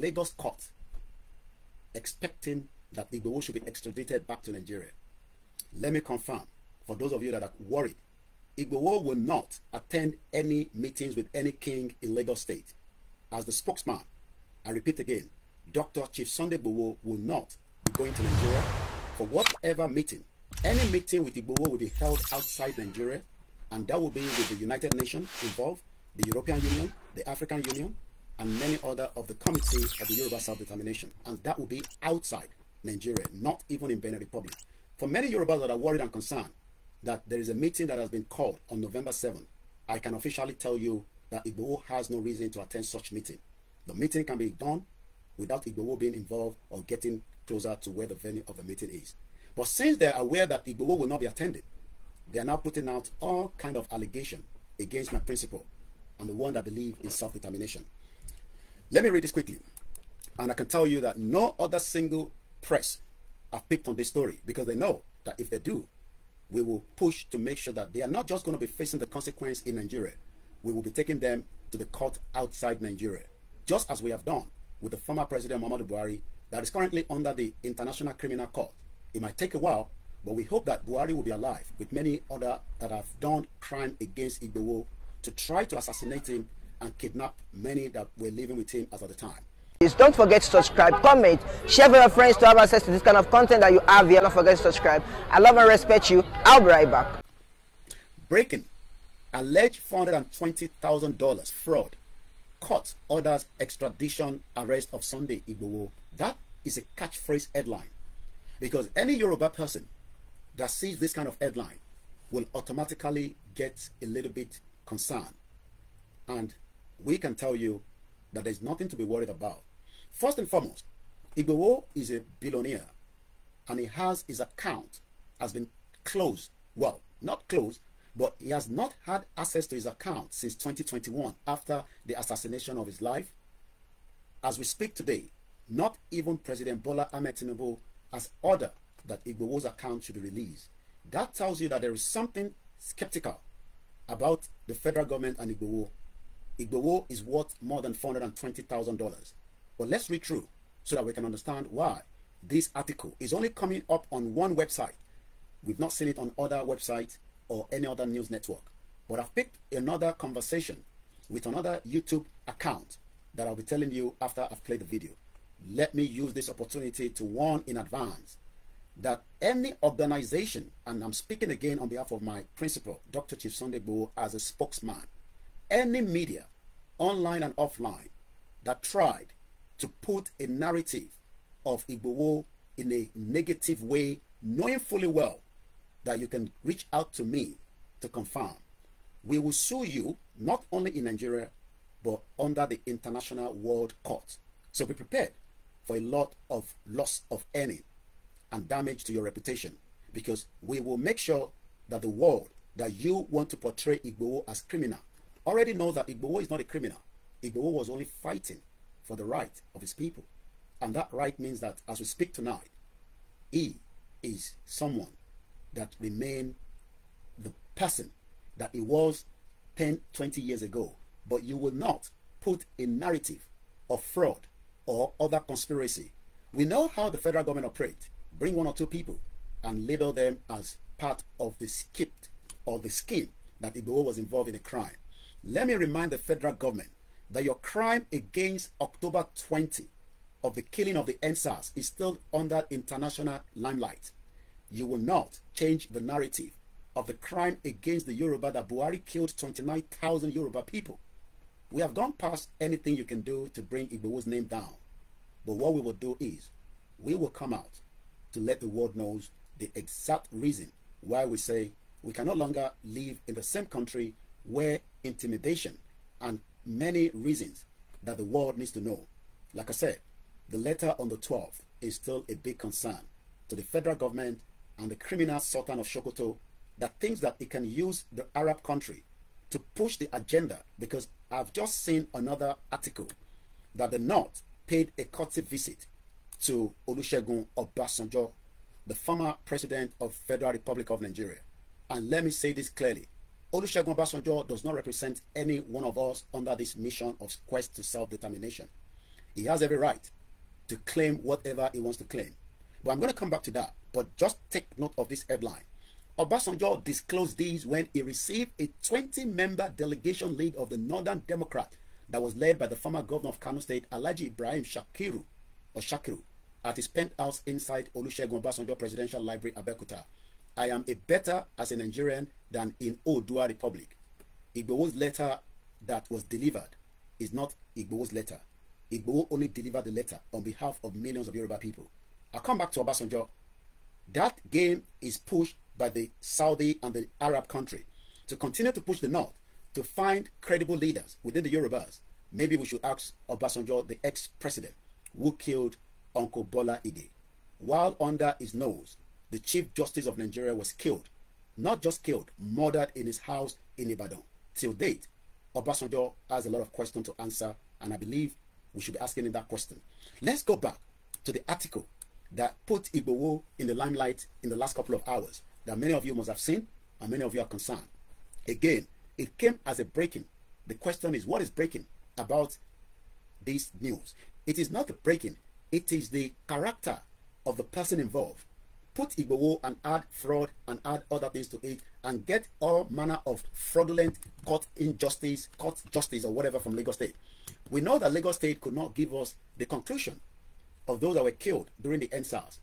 Lagos court expecting that Igbo should be extradited back to Nigeria. Let me confirm, for those of you that are worried, Igbo will not attend any meetings with any king in Lagos State. As the spokesman, I repeat again, Dr. Chief Sunday Bowo will not be going to Nigeria for whatever meeting. Any meeting with Igbo will be held outside Nigeria, and that will be with the United Nations involved, the European Union, the African Union, and many other of the committee of the Yoruba self-determination, and that will be outside Nigeria, not even in Benin Republic. For many Yorubas that are worried and concerned that there is a meeting that has been called on November 7, I can officially tell you that Igbo has no reason to attend such meeting. The meeting can be done without Igbo being involved or getting closer to where the venue of the meeting is. But since they're aware that Igbo will not be attended, they are now putting out all kind of allegation against my principle and the one that believe in self-determination. Let me read this quickly. And I can tell you that no other single press have picked on this story because they know that if they do, we will push to make sure that they are not just going to be facing the consequence in Nigeria. We will be taking them to the court outside Nigeria, just as we have done with the former president Muhammadu Buhari that is currently under the International Criminal Court. It might take a while, but we hope that Buhari will be alive with many other that have done crime against Igbo to try to assassinate him and kidnap many that were living with him as at the time. Please don't forget to subscribe, comment, share with your friends to have access to this kind of content that you have here. Don't forget to subscribe. I love and respect you. I'll be right back. Breaking. Alleged $420,000 fraud. Court orders extradition arrest of Sunday Igbowo. That is a catchphrase headline. Because any Yoruba person that sees this kind of headline will automatically get a little bit concerned and we can tell you that there's nothing to be worried about. First and foremost, Igbo is a billionaire and he has his account has been closed. Well, not closed, but he has not had access to his account since 2021 after the assassination of his life. As we speak today, not even President Bola Ahmed Tinubu has ordered that Igbo's account should be released. That tells you that there is something skeptical about the federal government and Igbo Igbowo is worth more than $420,000. But let's read through so that we can understand why this article is only coming up on one website. We've not seen it on other websites or any other news network. But I've picked another conversation with another YouTube account that I'll be telling you after I've played the video. Let me use this opportunity to warn in advance that any organization, and I'm speaking again on behalf of my principal, Dr. Chief Sunday Bo, as a spokesman, any media, online and offline, that tried to put a narrative of Igbowo in a negative way, knowing fully well that you can reach out to me to confirm. We will sue you not only in Nigeria but under the International World Court. So be prepared for a lot of loss of earning and damage to your reputation because we will make sure that the world that you want to portray Igbowo as criminal already know that Igboho is not a criminal. Igboho was only fighting for the right of his people. And that right means that as we speak tonight, he is someone that remained the person that he was 10, 20 years ago. But you will not put a narrative of fraud or other conspiracy. We know how the federal government operates. Bring one or two people and label them as part of the script or the scheme that Igbo was involved in a crime. Let me remind the federal government that your crime against October 20 of the killing of the NSAS is still under international limelight. You will not change the narrative of the crime against the Yoruba that Buhari killed 29,000 Yoruba people. We have gone past anything you can do to bring Igbo's name down. But what we will do is, we will come out to let the world know the exact reason why we say we can no longer live in the same country were intimidation and many reasons that the world needs to know. Like I said, the letter on the 12th is still a big concern to the federal government and the criminal sultan of Shokoto that thinks that it can use the Arab country to push the agenda because I've just seen another article that the North paid a courtesy visit to Olusegun Obasanjo, the former president of Federal Republic of Nigeria. And let me say this clearly. Olusegun Obasanjo does not represent any one of us under this mission of quest to self-determination. He has every right to claim whatever he wants to claim. But I'm going to come back to that. But just take note of this headline. Obasanjo disclosed these when he received a 20-member delegation lead of the Northern Democrat that was led by the former governor of Kano State, Alhaji Ibrahim Shakiru, or Shakiru, at his penthouse inside Olusegun Obasanjo Presidential Library, Abeokuta. I am a better as a Nigerian than in Odua Republic. Igbo's letter that was delivered is not Igbo's letter. Igbo only delivered the letter on behalf of millions of Yoruba people. i come back to Obasanjo. That game is pushed by the Saudi and the Arab country to continue to push the North to find credible leaders within the Yorubas. Maybe we should ask Obasanjo, the ex-president, who killed Uncle Bola Ige, while under his nose the Chief Justice of Nigeria was killed. Not just killed, murdered in his house in Ibadan. Till date, Obasanjo has a lot of questions to answer, and I believe we should be asking him that question. Let's go back to the article that put Igbowo in the limelight in the last couple of hours that many of you must have seen and many of you are concerned. Again, it came as a breaking. The question is, what is breaking about this news? It is not the breaking, it is the character of the person involved put Igbowo and add fraud and add other things to it and get all manner of fraudulent court injustice, court justice or whatever from Lagos State. We know that Lagos State could not give us the conclusion of those that were killed during the NSAS.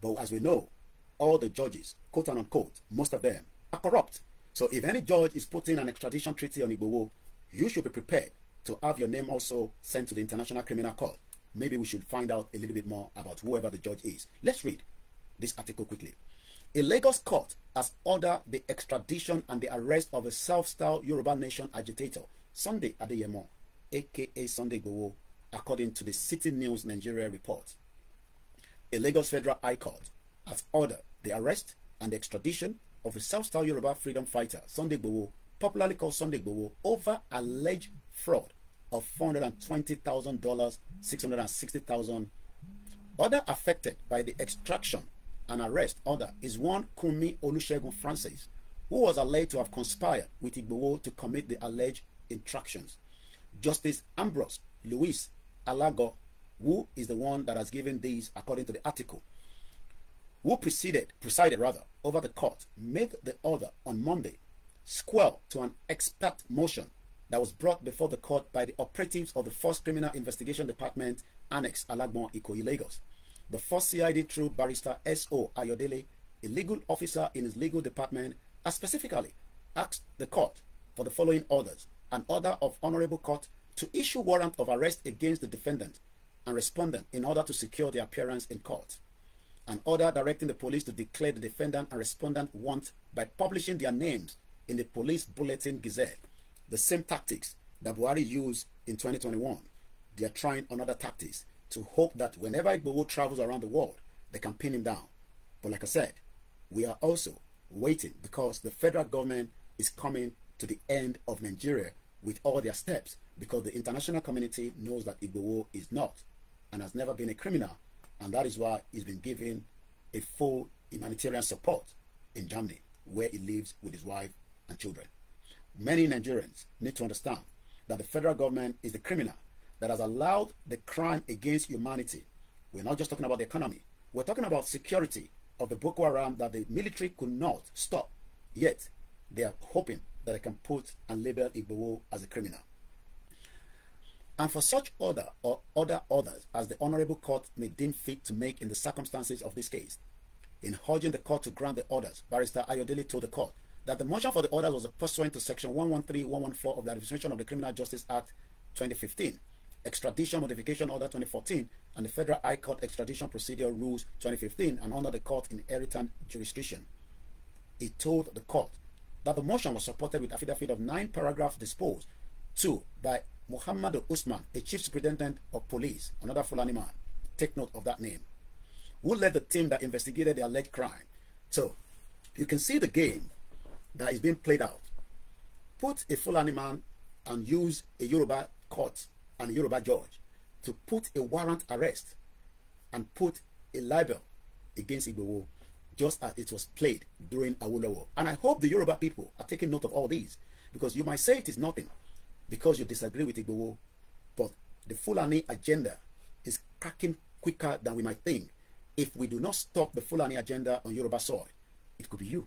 But as we know, all the judges, quote and unquote, most of them are corrupt. So if any judge is putting an extradition treaty on Igbowo, you should be prepared to have your name also sent to the International Criminal Court. Maybe we should find out a little bit more about whoever the judge is. Let's read this article quickly. A Lagos court has ordered the extradition and the arrest of a self-styled Yoruba nation agitator, Sunday Adeyemo, aka Sunday Gowo, according to the City News Nigeria report. A Lagos Federal High Court has ordered the arrest and the extradition of a self-styled Yoruba freedom fighter, Sunday Gowo, popularly called Sunday Gowo, over alleged fraud of $420,000, $660,000. Other affected by the extraction and arrest other is one Kumi Onushegun Francis, who was alleged to have conspired with Igbowo to commit the alleged infractions. Justice Ambrose Luis Alago, who is the one that has given these according to the article, who preceded, presided rather over the court, made the order on Monday squirrel to an expert motion that was brought before the court by the operatives of the First Criminal Investigation Department, Annex Alagbon Ikoyi, Lagos. The first CID through Barrister S.O. Ayodele, a legal officer in his legal department, has specifically asked the court for the following orders. An order of honorable court to issue warrant of arrest against the defendant and respondent in order to secure their appearance in court. An order directing the police to declare the defendant and respondent want by publishing their names in the police bulletin gazette. The same tactics that Buhari used in 2021. They are trying another tactics to hope that whenever Igbo travels around the world, they can pin him down. But like I said, we are also waiting because the federal government is coming to the end of Nigeria with all their steps because the international community knows that Igbo is not and has never been a criminal. And that is why he's been given a full humanitarian support in Germany, where he lives with his wife and children. Many Nigerians need to understand that the federal government is the criminal that has allowed the crime against humanity. We're not just talking about the economy. We're talking about security of the Boko Haram that the military could not stop. Yet, they are hoping that they can put and label Igbowo as a criminal. And for such order or other orders as the Honorable Court may deem fit to make in the circumstances of this case, in urging the court to grant the orders, Barrister Ayodele told the court that the motion for the orders was pursuant to Section 113, 114 of the Administration of the Criminal Justice Act 2015 Extradition Modification Order 2014 and the Federal High Court Extradition Procedure Rules 2015 and under the court in inheritance jurisdiction. He told the court that the motion was supported with affidavit of nine paragraphs disposed to by Muhammad Usman, the chief superintendent of police, another Fulani man. Take note of that name. Who led the team that investigated the alleged crime. So you can see the game that is being played out. Put a Fulani man and use a Yoruba court and Yoruba judge to put a warrant arrest and put a libel against Igbowo just as it was played during Awolowo. And I hope the Yoruba people are taking note of all these because you might say it is nothing because you disagree with Igbowo, but the Fulani agenda is cracking quicker than we might think. If we do not stop the Fulani agenda on Yoruba soil, it could be you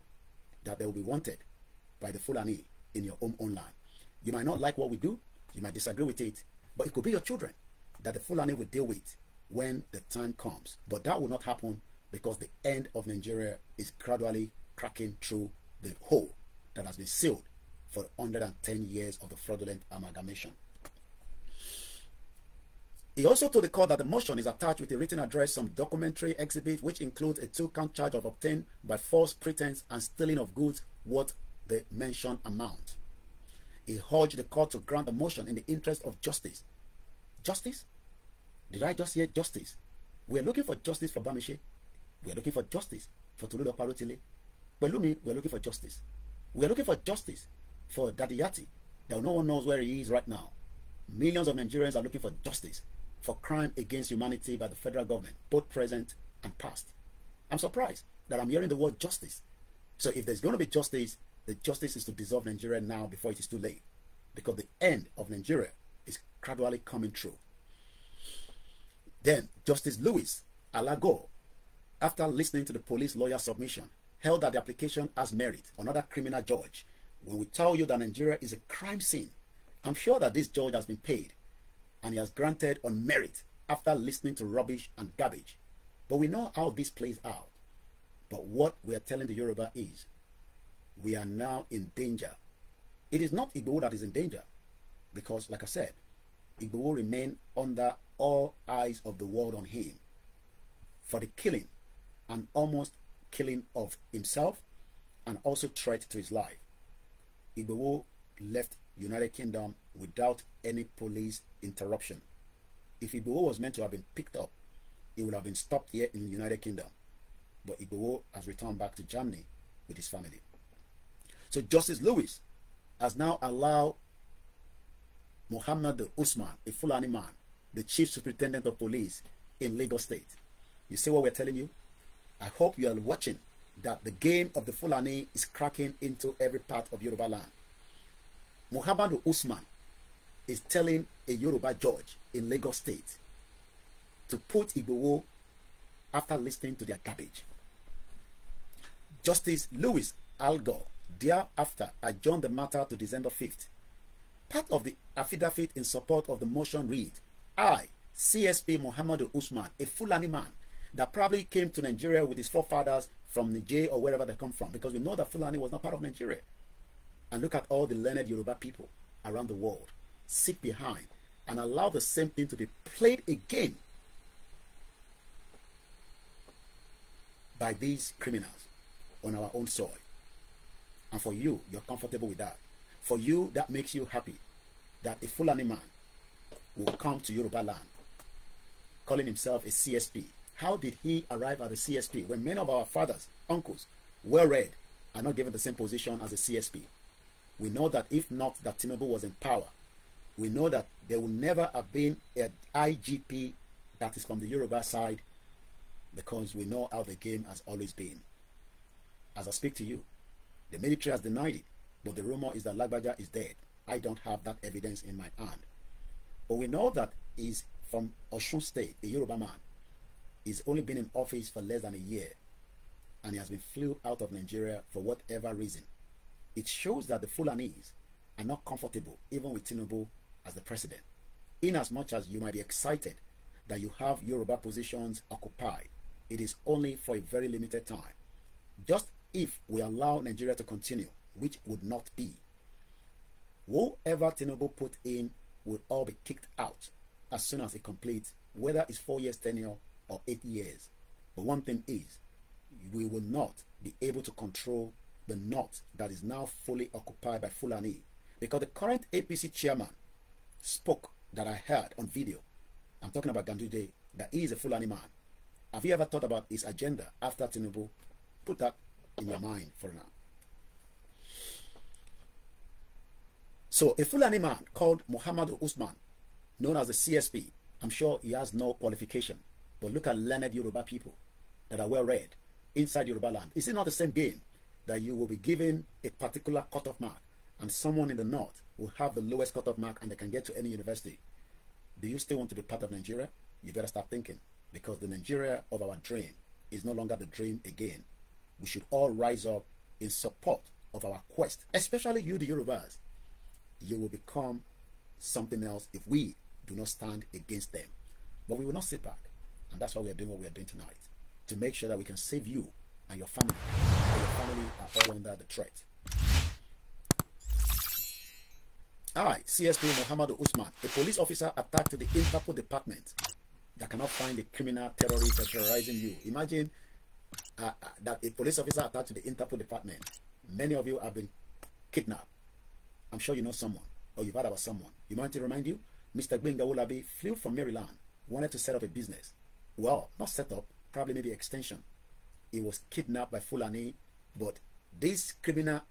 that they will be wanted by the Fulani in your own, own land. You might not like what we do, you might disagree with it, but it could be your children that the Fulani will deal with when the time comes. But that will not happen because the end of Nigeria is gradually cracking through the hole that has been sealed for 110 years of the fraudulent amalgamation. He also told the court that the motion is attached with a written address, some documentary exhibit, which includes a two-count charge of obtained by false pretense and stealing of goods worth the mentioned amount. He urged the court to grant a motion in the interest of justice. Justice? Did I just hear justice? We're looking for justice for Bamiche. We're looking for justice for Toludo Parotile. Pelumi, we're looking for justice. We're looking for justice for Daddy Yati, that no one knows where he is right now. Millions of Nigerians are looking for justice for crime against humanity by the federal government, both present and past. I'm surprised that I'm hearing the word justice. So if there's going to be justice, the justice is to dissolve Nigeria now before it is too late, because the end of Nigeria is gradually coming true. Then Justice Lewis Alago, after listening to the police lawyer submission, held that the application has merit. Another criminal judge, when we tell you that Nigeria is a crime scene, I'm sure that this judge has been paid, and he has granted on merit after listening to rubbish and garbage. But we know how this plays out. But what we are telling the Yoruba is we are now in danger. It is not Igbo that is in danger because, like I said, Igbo remain under all eyes of the world on him for the killing and almost killing of himself and also threat to his life. Igbo left United Kingdom without any police interruption. If Igbo was meant to have been picked up, he would have been stopped here in the United Kingdom. But Igbo has returned back to Germany with his family. So Justice Lewis has now allowed Muhammad Usman, a Fulani man, the chief superintendent of police in Lagos State. You see what we're telling you? I hope you are watching that the game of the Fulani is cracking into every part of Yoruba land. Muhammad Usman is telling a Yoruba judge in Lagos State to put Igbowo after listening to their garbage. Justice Louis Algor Thereafter, adjourned the matter to December 5th. Part of the affidavit in support of the motion read, I, CSP Muhammad Usman, a Fulani man that probably came to Nigeria with his forefathers from Niger or wherever they come from, because we know that Fulani was not part of Nigeria. And look at all the learned Yoruba people around the world sit behind and allow the same thing to be played again by these criminals on our own soil. And for you, you're comfortable with that. For you, that makes you happy that a Fulani man will come to Yoruba land calling himself a CSP. How did he arrive at a CSP when many of our fathers, uncles, well-read, are not given the same position as a CSP? We know that if not that Tinubu was in power, we know that there will never have been an IGP that is from the Yoruba side because we know how the game has always been. As I speak to you, the military has denied it, but the rumor is that Lagbaja is dead. I don't have that evidence in my hand. But we know that he's from Oshun State, a Yoruba man. He's only been in office for less than a year, and he has been flew out of Nigeria for whatever reason. It shows that the Fulanese are not comfortable even with Tinubu as the president. In as much as you might be excited that you have Yoruba positions occupied, it is only for a very limited time. Just if we allow Nigeria to continue, which would not be. Whoever Tinubu put in will all be kicked out as soon as he completes, whether it's four years tenure or eight years. But one thing is, we will not be able to control the north that is now fully occupied by Fulani because the current APC chairman spoke that I heard on video. I'm talking about Ganduje, that he is a Fulani man. Have you ever thought about his agenda after Tinubu put that in your mind for now. So a Fulani man called Muhammad Usman, known as the CSP, I'm sure he has no qualification, but look at learned Yoruba people that are well read inside Yoruba land. Is it not the same game that you will be given a particular cutoff mark and someone in the north will have the lowest cutoff mark and they can get to any university? Do you still want to be part of Nigeria? You better start thinking because the Nigeria of our dream is no longer the dream again we should all rise up in support of our quest, especially you, the Yorubas. You will become something else if we do not stand against them. But we will not sit back. And that's why we are doing what we are doing tonight, to make sure that we can save you and your family. And your family are all under the threat. All right, CSP Muhammad Usman, a police officer attacked the Interpol department that cannot find a criminal terrorist terrorizing you. Imagine uh, uh, that a police officer attached to the Interpol department. Many of you have been kidnapped. I'm sure you know someone or you've heard about someone. You want to remind you? Mr. Gbenga Olabi flew from Maryland, wanted to set up a business. Well, not set up, probably maybe extension. He was kidnapped by Fulani, but this criminal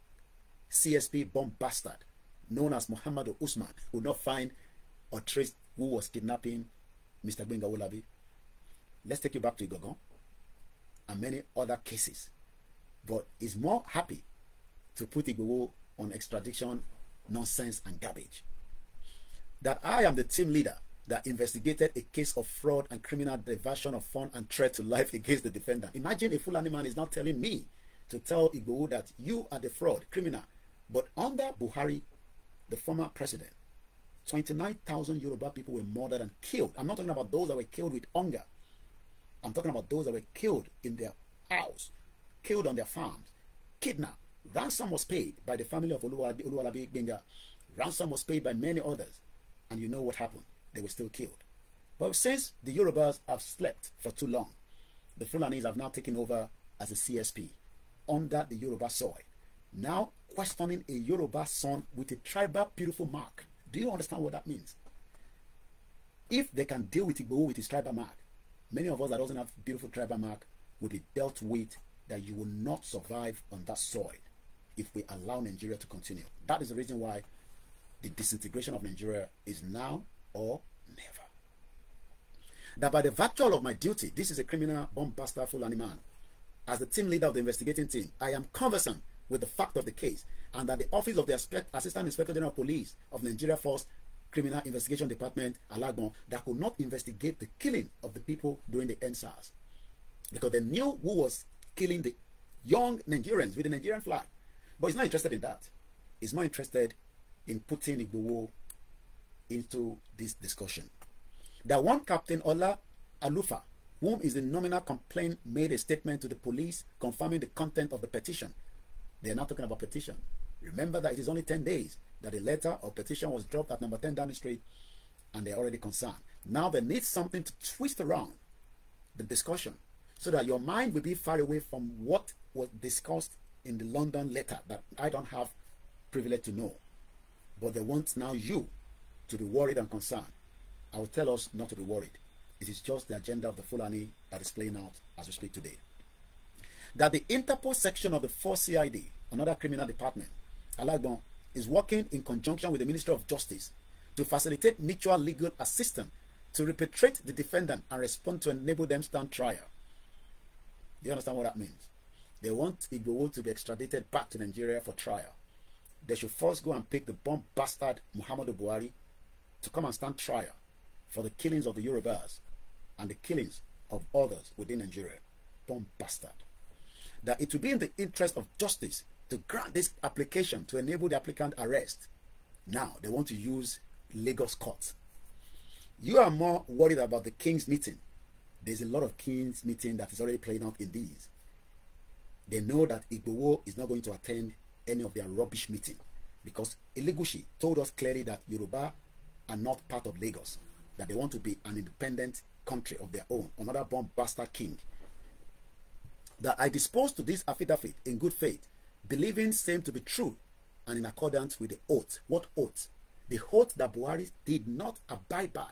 CSP bomb bastard, known as Muhammad Usman, will not find or trace who was kidnapping Mr. Gbenga Olabi. Let's take you back to Igogon and many other cases, but is more happy to put Igbo on extradition nonsense and garbage. That I am the team leader that investigated a case of fraud and criminal diversion of fund and threat to life against the defendant. Imagine a Fulani man is not telling me to tell Igbo that you are the fraud criminal, but under Buhari, the former president, 29,000 Yoruba people were murdered and killed. I'm not talking about those that were killed with hunger. I'm talking about those that were killed in their house, killed on their farms, kidnapped. Ransom was paid by the family of Oluwalabi Binga. Ransom was paid by many others. And you know what happened. They were still killed. But since the Yorubas have slept for too long, the Fulanis have now taken over as a CSP under the Yoruba soil. Now questioning a Yoruba son with a tribal beautiful mark. Do you understand what that means? If they can deal with Igbo with his tribal mark, Many of us that doesn't have beautiful tribal mark will be dealt with that you will not survive on that soil if we allow Nigeria to continue. That is the reason why the disintegration of Nigeria is now or never. That by the virtue of my duty, this is a criminal, bombastic, Fulani man. As the team leader of the investigating team, I am conversant with the fact of the case and that the office of the Assistant Inspector General of Police of Nigeria Force Criminal Investigation Department, Alagbon, that could not investigate the killing of the people during the NSARS because they knew who was killing the young Nigerians with the Nigerian flag. But he's not interested in that. He's not interested in putting Igbowo into this discussion. That one Captain Ola Alufa, whom is the nominal complaint, made a statement to the police confirming the content of the petition. They are not talking about petition. Remember that it is only 10 days that a letter or petition was dropped at number 10 Downing Street and they're already concerned. Now they need something to twist around the discussion so that your mind will be far away from what was discussed in the London letter that I don't have privilege to know. But they want now you to be worried and concerned. I will tell us not to be worried. It is just the agenda of the Fulani that is playing out as we speak today. That the Interpol section of the 4CID, another criminal department, Alagbon is working in conjunction with the Ministry of Justice to facilitate mutual legal assistance to repatriate the defendant and respond to enable them stand trial. Do you understand what that means? They want Igbowo to be extradited back to Nigeria for trial. They should first go and pick the bomb bastard Muhammadu Buhari to come and stand trial for the killings of the Yorubas and the killings of others within Nigeria. Bomb bastard. That it will be in the interest of justice to grant this application to enable the applicant arrest. Now they want to use Lagos court. You are more worried about the king's meeting. There's a lot of king's meeting that is already playing out in these. They know that igbo is not going to attend any of their rubbish meeting because Ilegushi told us clearly that Yoruba are not part of Lagos, that they want to be an independent country of their own, another bomb bastard king. That I disposed to this affidavit in good faith believing same to be true and in accordance with the oath. What oath? The oath that Buhari did not abide by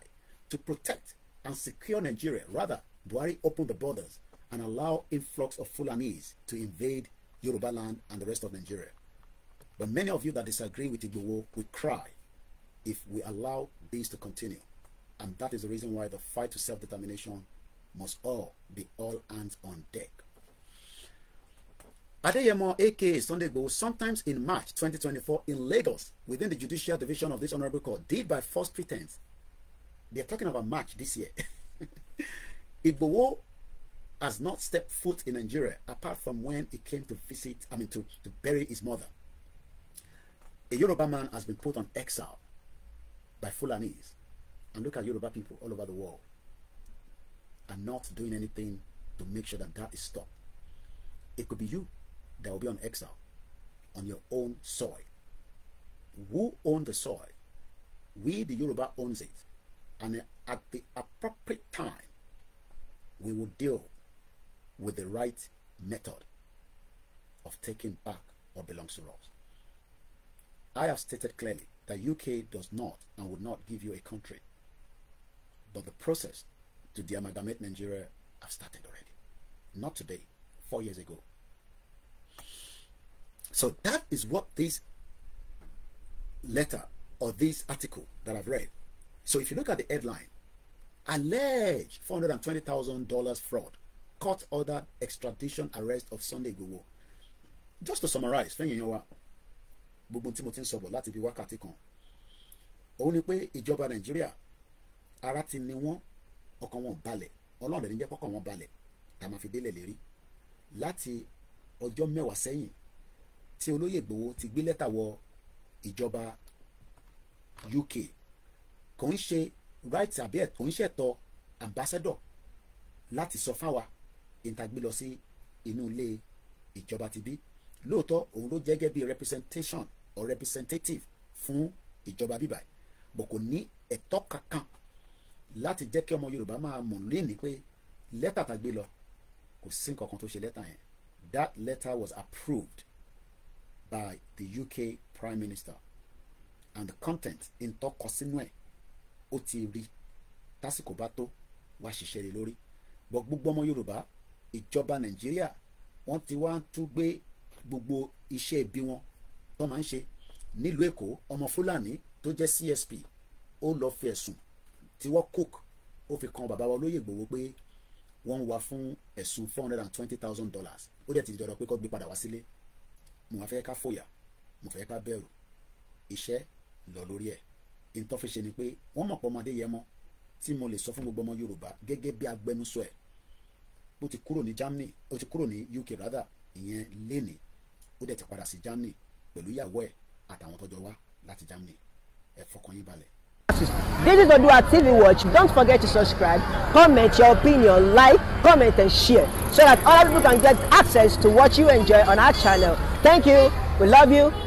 to protect and secure Nigeria. Rather, Buhari opened the borders and allowed influx of Fulanese to invade Yoruba land and the rest of Nigeria. But many of you that disagree with Igbowo will cry if we allow this to continue. And that is the reason why the fight to self-determination must all be all hands on deck. Adeyemo, aka Sunday Go, sometimes in March 2024 in Lagos, within the Judicial Division of this Honorable Court, did by false pretense. They're talking about March this year. Igbowo has not stepped foot in Nigeria apart from when he came to visit, I mean, to, to bury his mother. A Yoruba man has been put on exile by Fulanese. And look at Yoruba people all over the world are not doing anything to make sure that that is stopped. It could be you they will be on exile on your own soil. Who owns the soil? We, the Yoruba, owns it. And at the appropriate time, we will deal with the right method of taking back what belongs to us. I have stated clearly that UK does not and would not give you a country. But the process to deamalgamate Nigeria have started already. Not today, four years ago, So that is what this letter or this article that I've read. So if you look at the headline, alleged four hundred and twenty thousand dollars fraud, court order extradition arrest of Sunday Igboho. Just to summarize, fẹ́yìn yan wa, gbogbo tí mo ti ń sọ̀bọ̀ láti bí wákàtí kan, òun ni pé ìjọba Nàìjíríà ara ti ni wọ́n ọkàn wọn balẹ̀ Ọlọ́run ní jẹ́ kọ́kàn wọn balẹ̀ tá a máa fi délẹ̀ lérí láti ọjọ́ mẹ́wàá sẹ́yìn tí olóyè Ìgbòho ti gbé lẹ́tà wọ ìjọba UK kò ń ṣe right àbí ẹ̀ kò ń ṣẹ̀tọ́ ambassador láti sọ fáwa ìtàgbé lọ sí inú ilé ìjọba ti bí lóòótọ́ òun ló jẹ́ bí representation or representative fún ìjọba bíbá bò kò ní ẹ̀tọ́ kankan láti jẹ́ kí ọmọ Yorùbá máa mọ̀ lẹ́ni pé lẹ́tà tá gbé lọ kò sí nǹkan kan tó ṣe lẹ́tà yẹn that letter was approved by the UK Prime Minister and the content ìtọ́kọ sínú ẹ̀ ó ti rí tásìkò bá tó wá ṣiṣẹ́ lé lórí gbogbo ọmọ Yorùbá ìjọba Nàìjíríà wọ́n ti wá tún gbé gbogbo iṣẹ́ ibi wọn tó máa ń ṣe nílùú Èkó ọmọ Fúlàní tó jẹ́ CSP ó lọ fi ẹ̀sùn tí wọ́n cook ó fi kan bàbá wa olóyè Ìgbòho pé wọ́n ń wá fún ẹ̀sùn four hundred and twenty thousand dollars ó dẹ̀ ti dọ̀rọ̀ pé kó gbé padà wá sílé mo máa fẹ́ ká fòyà mo fẹ́ ká bẹ̀rù iṣẹ́ lọ lórí ẹ̀ ìtọ́ fi ṣe ni pé wọ́n mọ̀ pé ọmọdé yẹ mọ́ tí mo lè sọ fún gbogbo ọmọ Yorùbá gẹ́gẹ́ bí agbẹnusọ ẹ̀ ó ti kúrò ní Germany ó ti kúrò ní UK rather ìyẹn lénìí ó dẹ̀ ti padà sí Germany pẹ̀lú ìyàwó ẹ̀ àtàwọn tọ́jọ́ wá láti Germany ẹ fọkàn yín balẹ̀ This is Odua TV Watch. Don't forget to subscribe, comment your opinion, like, comment and share so that other people can get access to what you enjoy on our channel. Thank you. We love you.